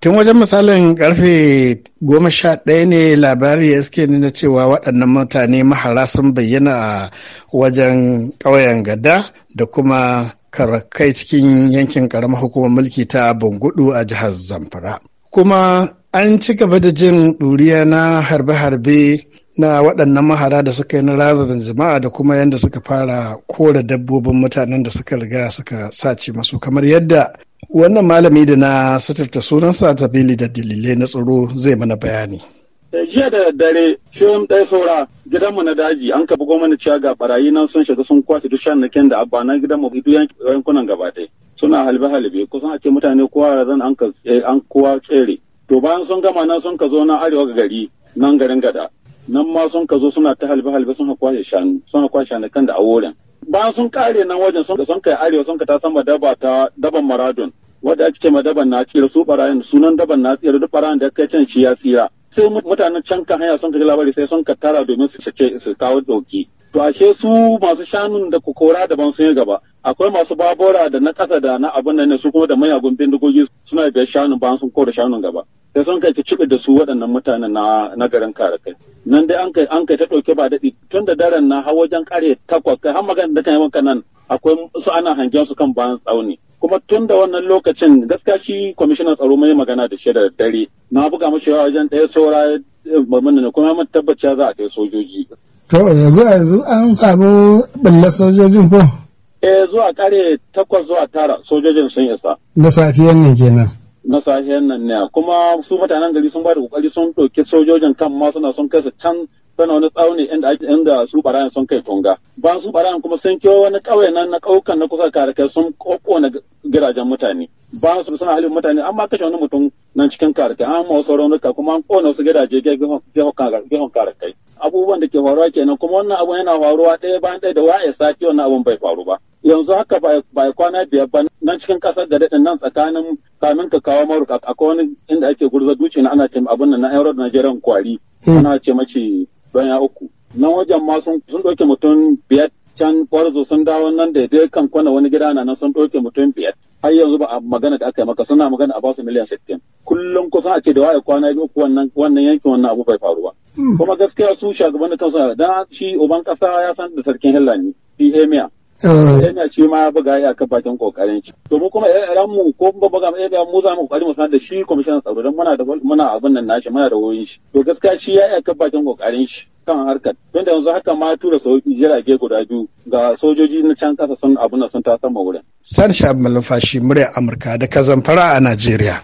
Tun wajen misalin karfe goma sha ɗaya ne labari ya suke nuna cewa waɗannan mutane mahara sun bayyana a wajen ƙauyen gada da kuma karakai cikin yankin ƙaramar hukumar mulki ta Bungudu a jihar Zamfara. Kuma an ci gaba da jin ɗuriya na harbe-harbe na waɗannan mahara da suka yi na razazin jama'a da kuma yadda suka fara kora dabbobin mutanen da suka riga suka sace masu kamar yadda Wannan malami da na suturta sunansa ta bili da dalilai na tsaro zai mana bayani. Da eh, jiya da dare, shirin ɗaya saura gidanmu na daji an kafa gwamnati cewa ga barayi nan sun shiga sun kwace duk shannaken da abba na gidanmu duk yankunan gaba ɗaya. Suna halbe-halbe kusan a ce mutane kowa zan eh, an kowa tsere. To bayan sun gama nan sun ka zo na arewa ga gari nan garin gada. Nan ma sun ka zo suna ta halbe-halbe sun kwashe shanu sun kwashe kan da a wurin. bayan sun kare nan wajen sun sun kai arewa sun kai ta sama daba ta daban maradon wadda ake ce ma daban na tsira su barayin sunan daban na tsira duk barayin da aka can shi ya tsira sai mutanen can kan haya sun kai labari sai sun ka tara domin su ce su kawo doki. to ashe su masu shanun da kokora daban sun yi gaba akwai masu babura da na kasa da na abin nan su kuma da mayagun bindigogi suna biyar shanun bayan sun kora shanun gaba da sun kai ta cibe da su waɗannan mutanen na, na garin karakai nan dai an kai an kai ta ɗauke ba daɗi tun da daren na har wajen ƙare takwas kai har magana da kan yi maka nan akwai su ana hangen su kan bayan tsauni kuma tun da wannan lokacin gaskiya shi kwamishinan tsaro mai magana da shi da dare na buga mashi wajen ɗaya saura eh, ne kuma mun tabbaci za a kai sojoji To yanzu yanzu an samu ɓullar sojojin ko? Eh zuwa kare takwas zuwa tara sojojin sun isa. Na safiyan ne kenan. na sahiyan nan ne kuma su mutanen gari sun ba da kokari sun ɗauki sojojin kan ma suna sun kai su can sana wani tsauni inda inda su barayan sun kai tunga ba su barayan kuma sun kiwo wani ƙauye nan na ƙaukan na kusa kai sun kokona gidajen mutane ba su suna halin mutane amma kashe wani mutum nan cikin kai an ma wasu raunuka kuma an kona su gidaje gehon kai. abubuwan da ke faruwa kenan kuma wannan abu yana faruwa ɗaya bayan ɗaya da waye sati wannan abun bai faru ba yanzu haka ba kwana biyar ba nan cikin kasar da daɗin nan tsakanin kamin ka kawo maruka a wani inda ake gurza duci na ana ce abin nan na da Najeriya kwari hmm. ana ce mace banya uku nan wajen ma sun ɗauke mutum biyar can kwarzo sun dawo nan da dai kan kwana wani gida na nan sun ɗauke mutum biyar har yanzu ba a magana da aka yi maka suna magana a basu miliyan sittin kullum kusan a ce da waye kwana biyu wannan wannan yankin wannan abu bai faru ba hmm. kuma gaskiya su shugaban da kansu da shi uban kasa ya san da sarkin hillani shi emir Eh. Yana ce ma buga ya kan bakin kokarin shi. To mu kuma ran mu ko mu buga eh, ƴan mu za mu kokari mu sanar da shi kwamishinan tsaro don muna da muna abin nan nashi muna da wayoyin shi. To gaskiya shi ya ya kan bakin kokarin shi kan harkar. Don da yanzu haka ma tura sauki jirage guda biyu ga sojoji na can ƙasa sun abin nan sun ta sama wurin. sar Shahab Malumfashi murya Amurka da Kazamfara a Najeriya.